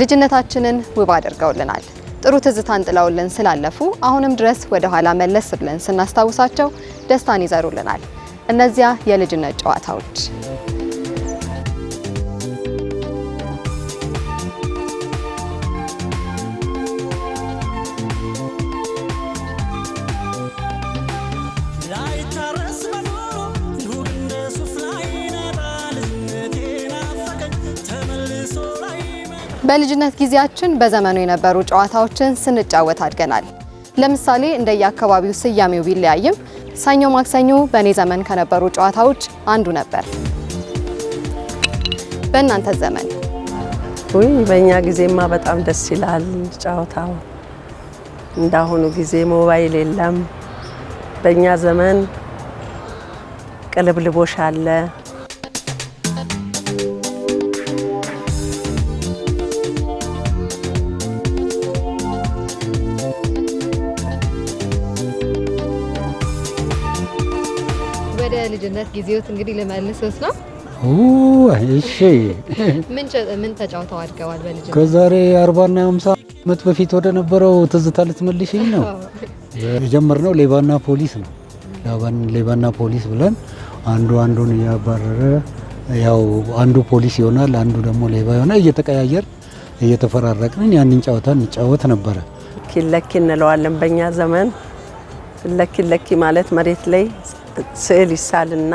ልጅነታችንን ውብ አድርገውልናል። ጥሩ ትዝታን ጥለውልን ስላለፉ አሁንም ድረስ ወደ ኋላ መለስ ብለን ስናስታውሳቸው ደስታን ይዘሩልናል እነዚያ የልጅነት ጨዋታዎች። በልጅነት ጊዜያችን በዘመኑ የነበሩ ጨዋታዎችን ስንጫወት አድገናል። ለምሳሌ እንደየአካባቢው ስያሜው ቢለያይም ሰኞ ማክሰኞ በእኔ ዘመን ከነበሩ ጨዋታዎች አንዱ ነበር። በእናንተ ዘመን? ውይ በእኛ ጊዜማ በጣም ደስ ይላል ጨዋታው። እንዳሁኑ ጊዜ ሞባይል የለም። በእኛ ዘመን ቅልብልቦሽ አለ ጊዜዎት እንግዲህ ልመልሶት ነው። እሺ ምን ተጫውተው አድገዋል? በልጅ ከዛሬ 40 እና 50 ዓመት በፊት ወደ ነበረው ትዝታ ልትመልሽኝ ነው። የጀመርነው ሌባና ፖሊስ ነው። ሌባና ፖሊስ ብለን አንዱ አንዱን እያባረረ ያው አንዱ ፖሊስ ይሆናል፣ አንዱ ደግሞ ሌባ ይሆናል። እየተቀያየር እየተፈራረቅን ያንን ጨዋታ እንጫወት ነበረ። ለኪ እንለዋለን በእኛ ዘመን። ለኪ ለኪ ማለት መሬት ላይ ስዕል ይሳልና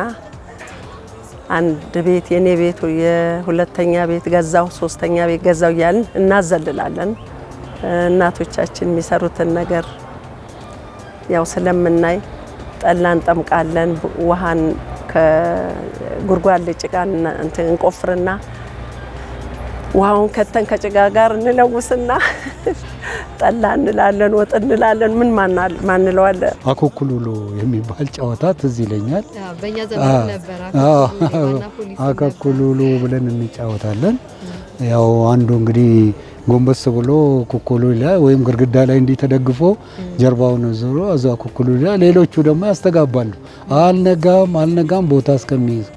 አንድ ቤት የኔ ቤት፣ የሁለተኛ ቤት ገዛው፣ ሶስተኛ ቤት ገዛው እያልን እናዘልላለን። እናቶቻችን የሚሰሩትን ነገር ያው ስለምናይ ጠላ እንጠምቃለን። ውሃን ከጉድጓድ ጭቃ እንቆፍርና ውሃውን ከተን ከጭጋ ጋር እንለውስና ጠላ እንላለን፣ ወጥ እንላለን። ምን ማንለዋለን? አኮኩሉሎ የሚባል ጨዋታ ትዝ ይለኛል። አኮኩሉሎ ብለን እንጫወታለን። ያው አንዱ እንግዲህ ጎንበስ ብሎ ኩኩሉ ላይ ወይም ግድግዳ ላይ እንዲህ ተደግፎ ጀርባውን ዞሮ እዛ ኩኩሉ ላይ፣ ሌሎቹ ደግሞ ያስተጋባሉ። አልነጋም አልነጋም ቦታ እስከሚይዝ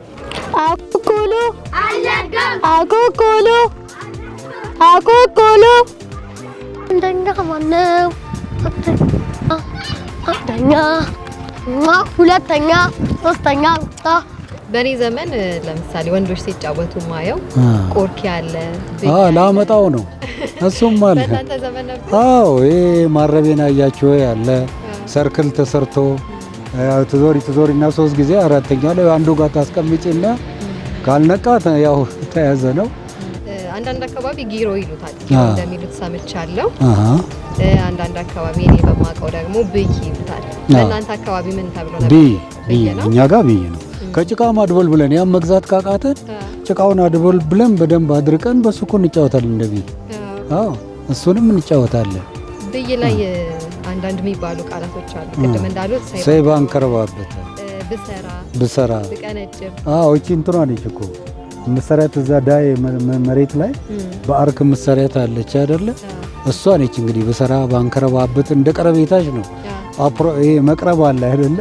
አኩኩሉ አልነጋም አኩኩሉ አኮኮሎ አንደኛ ማነው? አንደኛ፣ ሁለተኛ፣ ሶስተኛ በእኔ ዘመን ለምሳሌ ወንዶች ሲጫወቱ ማየው ቆርኪ አለ ላመጣው ነው። እሱም አለ። አዎ ማረቤና እያችሁ ያለ ሰርክል ተሰርቶ ትዞሪ ትዞሪ እና ሶስት ጊዜ አራተኛ ላይ አንዱ ጋር ታስቀምጪና ካልነቃት ያው ተያዘ ነው። አንዳንድ አካባቢ ጊሮ ይሉታል እንደሚሉት ሰምቻለሁ። አንዳንድ አካባቢ እኔ በማውቀው ደግሞ ብይ ይሉታል። በእናንተ አካባቢ ምን ተብሎ ነበር? ብይ ነው፣ እኛ ጋር ብይ ነው። ከጭቃ ማድበል ብለን ያም መግዛት ካቃተን ጭቃውን አድበል ብለን በደንብ አድርቀን በሱ እኮ እንጫወታለን። እንደዚህ አዎ፣ እሱንም እንጫወታለን። ብይ ላይ አንዳንድ የሚባሉ ቃላቶች አሉ። ቅድም እንዳሉት ሰይባን ከረባበት ብሰራ ብሰራ ብቀነጭብ። አዎ እቺ እንትኗ ነች እኮ የምትሰሪያት እዛ ዳይ መሬት ላይ በአርክ የምትሰሪያት አለች አይደለ? እሷ ነች እንግዲህ በሰራ ባንከረባበት እንደ ቀረቤታች ነው አፕሮ ይሄ መቅረብ አለ አይደለ?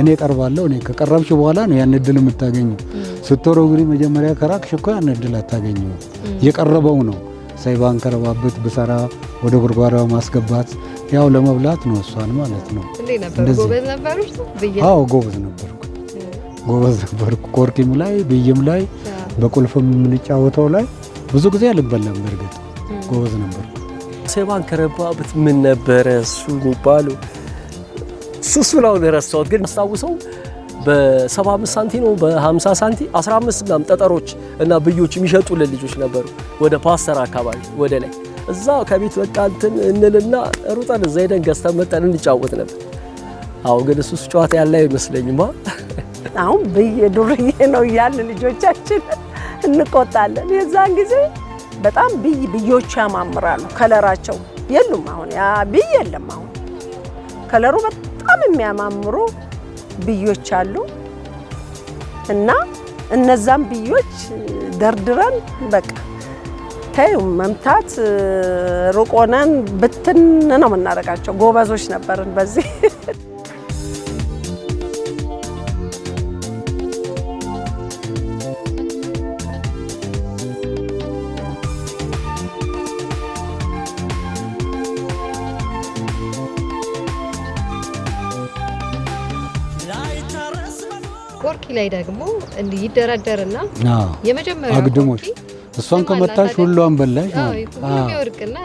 እኔ ቀርባለሁ። እኔ ከቀረብሽ በኋላ ነው ያን እድል የምታገኘው። ስትሮ እንግዲህ መጀመሪያ ከራቅሽ እኮ ያን እድል አታገኙ። የቀረበው ነው ሳይ ሳይባንከረባበት በሰራ ወደ ጉርጓዳ ማስገባት ያው ለመብላት ነው እሷን ማለት ነው። ጎበዝ አዎ ጎበዝ ነበርኩ፣ ጎበዝ ነበርኩ። ኮርኪም ላይ ብይም ላይ በቁልፍ የምንጫወተው ላይ ብዙ ጊዜ አልበላም። በእርግጥ ጎበዝ ነበር። ሴባን ከረባበት ምን ነበረ እሱ የሚባሉ ስሱ ላሁን ረሳሁት፣ ግን አስታውሰው በ75 ሳንቲ ነው በ50 ሳንቲ 15 ምናምን ጠጠሮች እና ብዮች የሚሸጡልን ልጆች ነበሩ። ወደ ፓስተር አካባቢ ወደ ላይ እዛ ከቤት በቃ እንትን እንልና ሩጠን እዛ ሄደን ገዝተን መጠን እንጫወት ነበር። አሁን ግን እሱስ ጨዋታ ያለ አይመስለኝማ። አሁን ብዬ ዱርዬ ነው እያልን ልጆቻችን እንቆጣለን። የዛን ጊዜ በጣም ብይ ብዮቹ ያማምራሉ። ከለራቸው የሉም አሁን ያ ብይ የለም። አሁን ከለሩ በጣም የሚያማምሩ ብዮች አሉ እና እነዛም ብዮች ደርድረን በቃ ተዩ መምታት ሩቅ ሆነን ብትን ነው የምናደርጋቸው። ጎበዞች ነበርን በዚህ ላይ ደግሞ እንዲህ ይደረደርና የመጀመሪያ አግድሞሽ እሷን ከመታሽ ሁሏን በላሽ ይወርቅና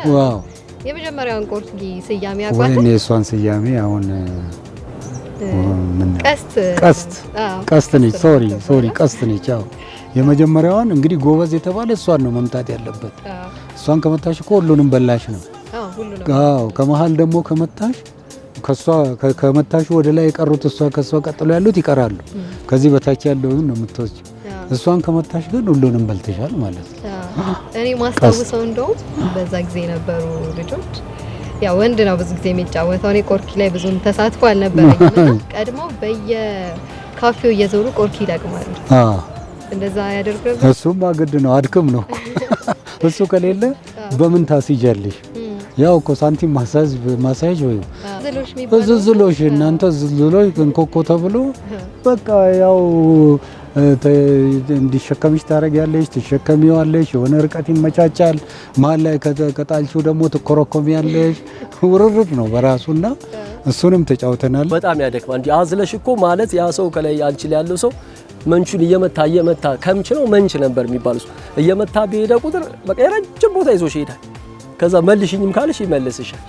የመጀመሪያውን ቆርኪ ስያሜ ያቋል ወይ እሷን ስያሜ አሁን ቀስት ቀስት ቀስት ነች። ሶሪ ሶሪ ቀስት ነች። አዎ የመጀመሪያዋን እንግዲህ ጎበዝ የተባለ እሷን ነው መምታት ያለበት። እሷን ከመታሽ እኮ ሁሉንም በላሽ ነው። አዎ ከመሀል ደግሞ ከመታሽ ከሷ ከመታሹ ወደ ላይ የቀሩት እሷ ከሷ ቀጥሎ ያሉት ይቀራሉ። ከዚህ በታች ያለውን ነው የምትወስጂው። እሷን ከመታሽ ግን ሁሉንም በልተሻል ማለት ነው። እኔ ማስታውሰው እንደውም በዛ ጊዜ የነበሩ ልጆች ያው ወንድ ነው ብዙ ጊዜ የሚጫወተው። እኔ ቆርኪ ላይ ብዙም ተሳትፎ አልነበረኝም። ቀድመው በየካፌው እየዞሩ ቆርኪ ይለቅማሉ። እንደዛ ያደርጉ። እሱማ ግድ ነው፣ አድክም ነው እሱ። ከሌለ በምን ታስይዣለሽ? ያው እኮ ሳንቲም ማሳጅ ማሳጅ ወይ ዝልዝሎሽ እናንተ ዝልዝሎሽ እንኮኮ ተብሎ በቃ ያው እንዲሸከምሽ ታደርጊያለሽ፣ ትሸከሚዋለሽ፣ የሆነ ርቀት ይመቻቻል። መሀል ላይ ከጣልሽው ደግሞ ትኮረኮሚያለሽ። ውርርድ ነው በራሱና እሱንም ተጫውተናል። በጣም ያደክማ እንዲ አዝለሽ እኮ ማለት ያ ሰው ከላይ አንቺ ላይ ያለው ሰው መንቹን እየመታ እየመታ ከምች ነው መንች ነበር የሚባል እሱ እየመታ በሄደ ቁጥር በቃ የረጅም ቦታ ይዞሽ ይሄዳል። ከዛ መልሽኝም ካልሽ ይመልስሻል።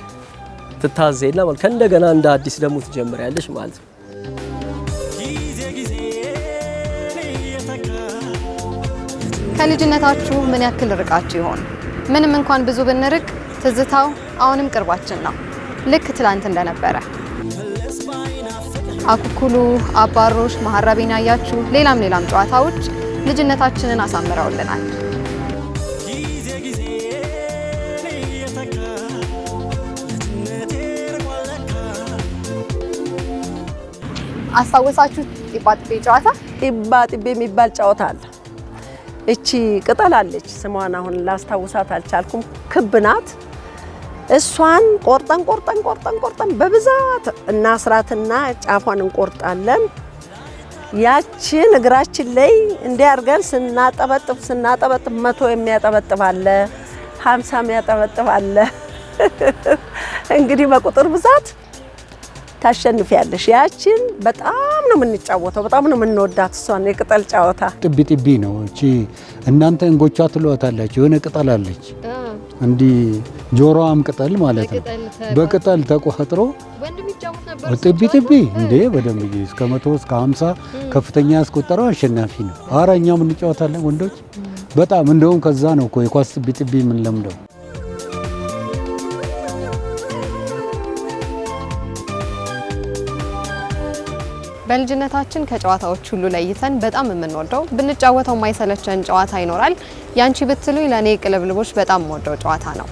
ትታዘይና ማለት ከእንደገና እንደ አዲስ ደግሞ ትጀምሪያለሽ ማለት ነው። ከልጅነታችሁ ምን ያክል ርቃችሁ ይሆን? ምንም እንኳን ብዙ ብንርቅ ትዝታው አሁንም ቅርባችን ነው፣ ልክ ትላንት እንደነበረ። አኩኩሉ፣ አባሮሽ፣ መሀረቤን ያያችሁ ሌላም ሌላም ጨዋታዎች ልጅነታችንን አሳምረውልናል። አስታወሳችሁ ጢባ ጢቤ ጨዋታ ጢባ ጢቤ የሚባል ጨዋታ አለ። እቺ ቅጠል አለች፣ ስሟን አሁን ላስታውሳት አልቻልኩም። ክብ ናት። እሷን ቆርጠን ቆርጠን ቆርጠን ቆርጠን በብዛት እናስራትና ጫፏን እንቆርጣለን። ያችን እግራችን ላይ እንዲያርገን ስናጠበጥብ ስናጠበጥብ መቶ የሚያጠበጥብ አለ፣ ሀምሳ የሚያጠበጥብ አለ። እንግዲህ በቁጥር ብዛት ታሸንፊያለሽ። ያችን በጣም ነው የምንጫወተው፣ በጣም ነው የምንወዳት እሷን። የቅጠል ጨዋታ ጥቢ ጥቢ ነው እቺ። እናንተ እንጎቿ ትለዋታላችሁ። የሆነ ቅጠል አለች እንዲህ ጆሮዋም ቅጠል ማለት ነው። በቅጠል ተቆጥሮ ጥቢ ጥቢ እንዴ በደንብ ጊዜ እስከ መቶ እስከ ሃምሳ ከፍተኛ ያስቆጠረው አሸናፊ ነው። አረ እኛም እንጫወታለን ወንዶች በጣም እንደውም ከዛ ነው እኮ የኳስ ጥቢ ጥቢ የምንለምደው በልጅነታችን ከጨዋታዎች ሁሉ ለይተን በጣም የምንወደው ብንጫወተው ማይሰለቸን ጨዋታ ይኖራል። ያንቺ ብትሉኝ ለእኔ ቅልብልቦች በጣም የምወደው ጨዋታ ነው።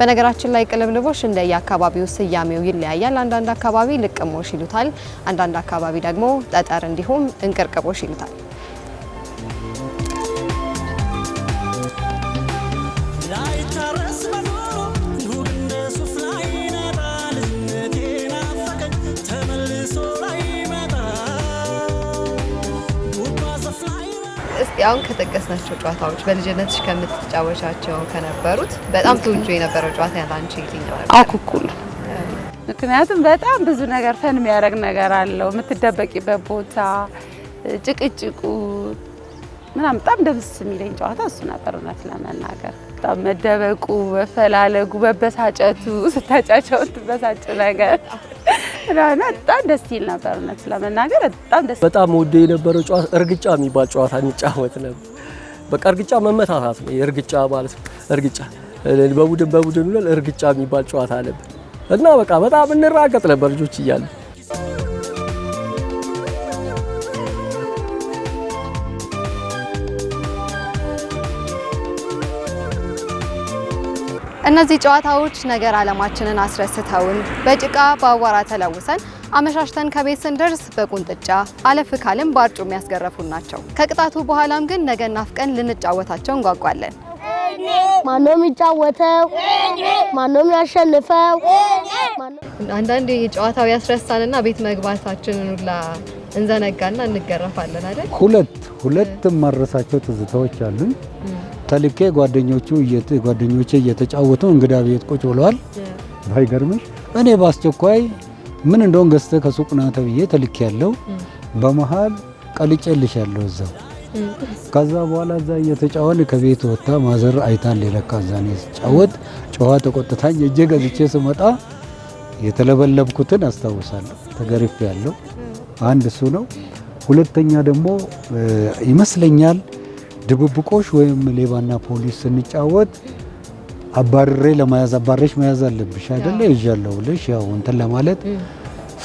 በነገራችን ላይ ቅልብልቦች እንደየአካባቢው ስያሜው ይለያያል። አንዳንድ አካባቢ ልቅሞሽ ይሉታል፣ አንዳንድ አካባቢ ደግሞ ጠጠር እንዲሁም እንቅርቅቦሽ ይሉታል። አሁን ከጠቀስናቸው ጨዋታዎች በልጅነትሽ ከምትጫወቻቸው ከነበሩት በጣም ትውጁ የነበረው ጨዋታ ያላንቺ የትኛው ነበር? አኩኩሉ። ምክንያቱም በጣም ብዙ ነገር ፈን የሚያደርግ ነገር አለው። የምትደበቂበት ቦታ፣ ጭቅጭቁ ምናምን በጣም ደስ የሚለኝ ጨዋታ እሱ ነበር። እውነት ለመናገር በጣም መደበቁ፣ መፈላለጉ፣ መበሳጨቱ ስታጫቸው ትበሳጭ ነገር በጣም ደስ ይል ነበር። እውነት ለመናገር በጣም ደስ በጣም ወደ የነበረው ጨዋታ እርግጫ የሚባል ጨዋታ እንጫወት ነበር። በቃ እርግጫ መመታታት ነው የእርግጫ ማለት እርግጫ በቡድን በቡድን እርግጫ የሚባል ጨዋታ ነበር እና በቃ በጣም እንራገጥ ነበር ልጆች እነዚህ ጨዋታዎች ነገር አለማችንን አስረስተውን በጭቃ በአቧራ ተለውሰን አመሻሽተን ከቤት ስንደርስ በቁንጥጫ አለፍ ካልም በአርጩ የሚያስገረፉን ናቸው። ከቅጣቱ በኋላም ግን ነገ ናፍቀን ልንጫወታቸው እንጓጓለን። ማነው የሚጫወተው? ማነው ያሸንፈው? አንዳንዴ ጨዋታው ያስረሳንና ቤት መግባታችንን ሁላ እንዘነጋና እንገረፋለን አይደል? ሁለት ሁለት መረሳቸው ትዝታዎች አሉን። ተልኬ ጓደኞቹ ጓደኞቼ እየተጫወቱ እንግዳ ቤት ቁጭ ብለዋል። ባይገርምሽ እኔ በአስቸኳይ ምን እንደሆን ገዝተ ከሱቅ ና ተብዬ ተልኬ ያለው በመሀል ቀልጨልሽ ያለው እዛው ከዛ በኋላ እዛ እየተጫወን ከቤት ወጥታ ማዘር አይታን ሌለካ ዛኔ ስጫወት ጨዋ ተቆጥታኝ እጄ ገዝቼ ስመጣ የተለበለብኩትን አስታውሳለሁ። ተገርፌ ያለው አንድ እሱ ነው። ሁለተኛ ደግሞ ይመስለኛል ድብብቆሽ ወይም ሌባና ፖሊስ ስንጫወት አባሬ ለመያዝ አባሬሽ መያዝ አለብሽ አይደለ ይዣለሁ ብለሽ ያው እንትን ለማለት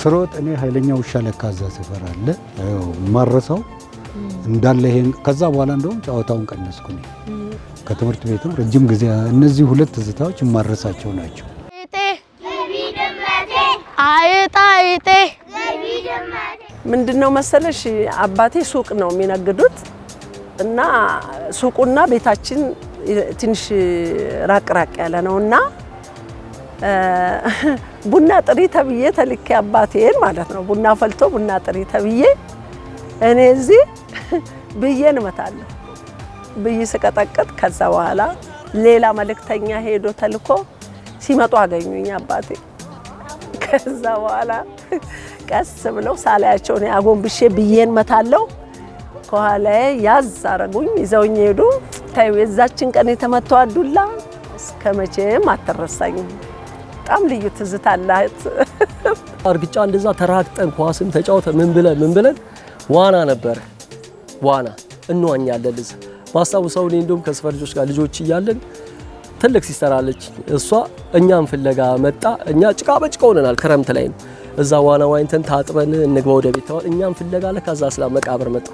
ስሮጥ እኔ ኃይለኛ ውሻ ለካ እዛ ሰፈር አለ ማረሰው እንዳለ ይሄን ከዛ በኋላ እንደውም ጨዋታውን ቀነስኩ። ከትምህርት ቤትም ረጅም ጊዜ እነዚህ ሁለት ትዝታዎች የማረሳቸው ናቸው። አይጣ አይጤ ምንድን ነው መሰለሽ አባቴ ሱቅ ነው የሚነግዱት እና ሱቁና ቤታችን ትንሽ ራቅ ራቅ ያለ ነው እና ቡና ጥሪ ተብዬ ተልኬ አባቴን ማለት ነው ቡና ፈልቶ ቡና ጥሪ ተብዬ እኔ እዚህ ብዬን እመታለሁ ብይ ስቀጠቅጥ ከዛ በኋላ ሌላ መልእክተኛ ሄዶ ተልኮ ሲመጡ አገኙኝ አባቴ። ከዛ በኋላ ቀስ ብለው ሳላያቸው እኔ አጎንብሼ ብዬን መታለው። ከኋላዬ ያዝ አረጉኝ፣ ይዘውኝ ሄዱ። ታዩ የዛችን ቀን የተመቶ አዱላ እስከ መቼም አትረሳኝም። በጣም ልዩ ትዝታ አላት። እርግጫ እንደዛ ተራግጠን ኳስም ተጫውተ ምን ብለን ምን ብለን ዋና ነበረ ዋና እንዋኛለን። እዛ ማስታውሰው እኔ እንደውም ከስፈር ልጆች ጋር ልጆች እያለን ትልቅ ሲስተር አለች። እሷ እኛም ፍለጋ መጣ። እኛ ጭቃ በጭቃ ሆነናል። ክረምት ላይ ነው። እዛ ዋና ዋኝተን ታጥበን እንግባ ወደ ቤት ተባል። እኛም ፍለጋ ለካ እዛ ስላ መቃብር መጣ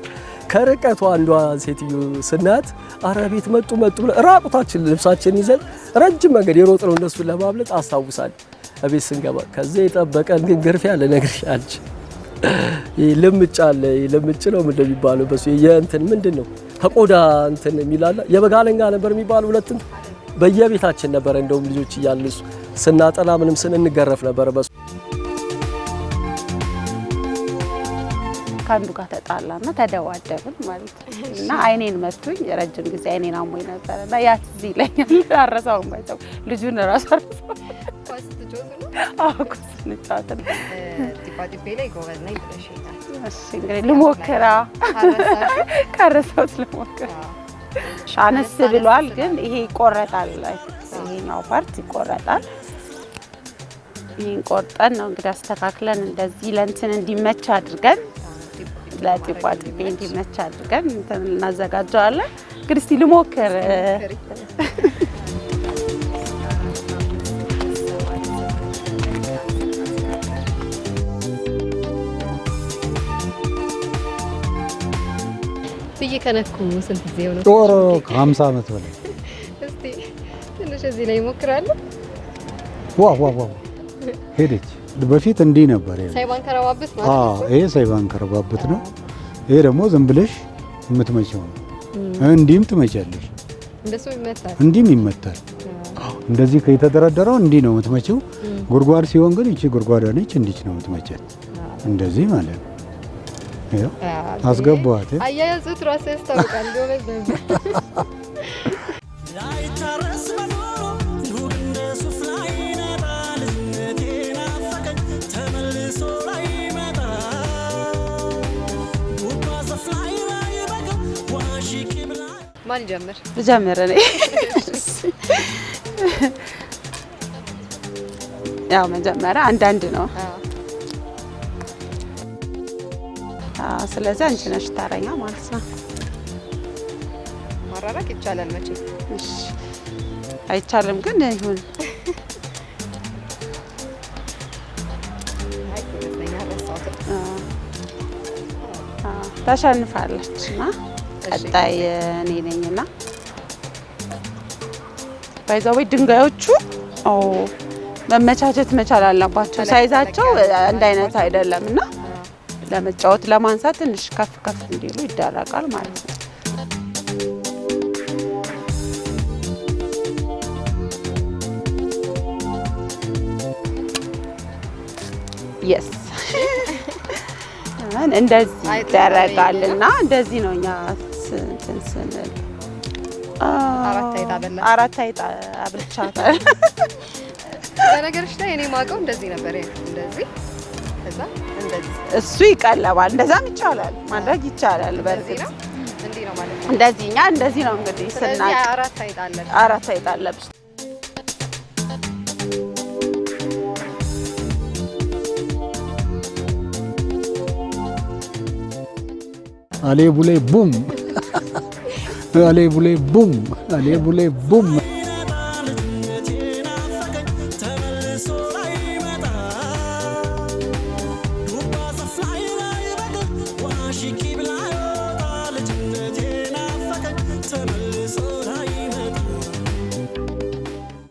ከርቀቱ አንዷ ሴትዮ ስናት አረ ቤት መጡ መጡ ብለ ራቁታችን ልብሳችን ይዘን ረጅም መንገድ የሮጥ ነው እነሱን ለማብለጥ አስታውሳል። እቤት ስንገባ ከዚ የጠበቀን ግን ግርፊያ ልነግርሽ አልችል። ልምጭ አለ ልምጭ ነው ምን እንደሚባለው በሱ የእንትን ምንድን ነው ከቆዳ እንትን የሚላለ የበጋለንጋ ነበር የሚባል ሁለትም በየቤታችን ነበረ። እንደውም ልጆች እያልሱ ስናጠላ ምንም ስን እንገረፍ ነበረ በሱ ከአንዱ ጋር ተጣላና ተደዋደብን ማለት ነው። እና አይኔን መቱኝ። ረጅም ጊዜ አይኔን አሞኝ ነበረ እና ያ ትዝ ይለኛል። አረሳው ባይተው ልጁን ራሱ አረሳው። ኳስ ስንጫወት ዲባዲቤ ላይ ጎበዝ ነኝ ብለሽኛል። እንግዲህ ልሞክራ ካረሳሁት ልሞክራ። አነስ ብሏል ግን ይሄ ይቆረጣል። ይሄኛው ፓርት ይቆረጣል። ይህን ቆርጠን ነው እንግዲህ አስተካክለን እንደዚህ ለእንትን እንዲመች አድርገን ለጢባ ጥቤ እንዲመች አድርገን እናዘጋጀዋለን። እንግዲህ እስቲ ልሞክር። እየከነኩ ስንት ጊዜ ሆነ? ጦር ከ ዓመት በላይ እስቲ ትንሽ እዚህ ላይ እሞክራለሁ። ዋ ዋ ዋ ሄደች በፊት እንዲህ ነበር። ይሄ ሳይባን ከረባብት ነው። ይሄ ደግሞ ዝም ብለሽ የምትመጪው ነው። እንዲህም ትመቻለሽ እንዲህም ይመታል። እንደዚህ የተደረደረው እንዲህ ነው የምትመጪው። ጉድጓድ ሲሆን ግን እቺ ጉድጓዳ ነች፣ እንዲች ነው የምትመጪያት። እንደዚህ ማለት ነው። አስገባዋት። አያያዙት ራሱ ያስታውቃል። ማን ጀምር? ልጀምር እኔ ያው መጀመሪያ አንዳንድ ነው። ስለዚህ አንቺ ነሽ ታረኛ ማለት ነው። ማራራቅ ይቻላል መቼ አይቻልም፣ ግን ይሁን ተሸንፋለች እና ቀጣይ እኔ ነኝና ባይዛዌ ድንጋዮቹ መመቻቸት መቻል አለባቸው። ሳይዛቸው አንድ አይነት አይደለም እና ለመጫወት ለማንሳት ትንሽ ከፍ ከፍ እንዲሉ ይደረጋል ማለት ነው። የስ እንደዚህ ይደረጋል እና እንደዚህ ነው እኛ ስንት ስንል አራት አይጣ አብልቻታል። በነገሮች ላይ እኔ ማውቀው እንደዚህ ነበር። እንደዚህ እሱ ይቀለባል። እንደዛም ይቻላል ማድረግ ይቻላል። በእርግጥ እንደዚህ እኛ እንደዚህ ነው እንግዲህ ስናቅ አራት አይጣ አለብሽ። አሌቡ ላይ ቡም Allez, vous les boum Allez, vous les boum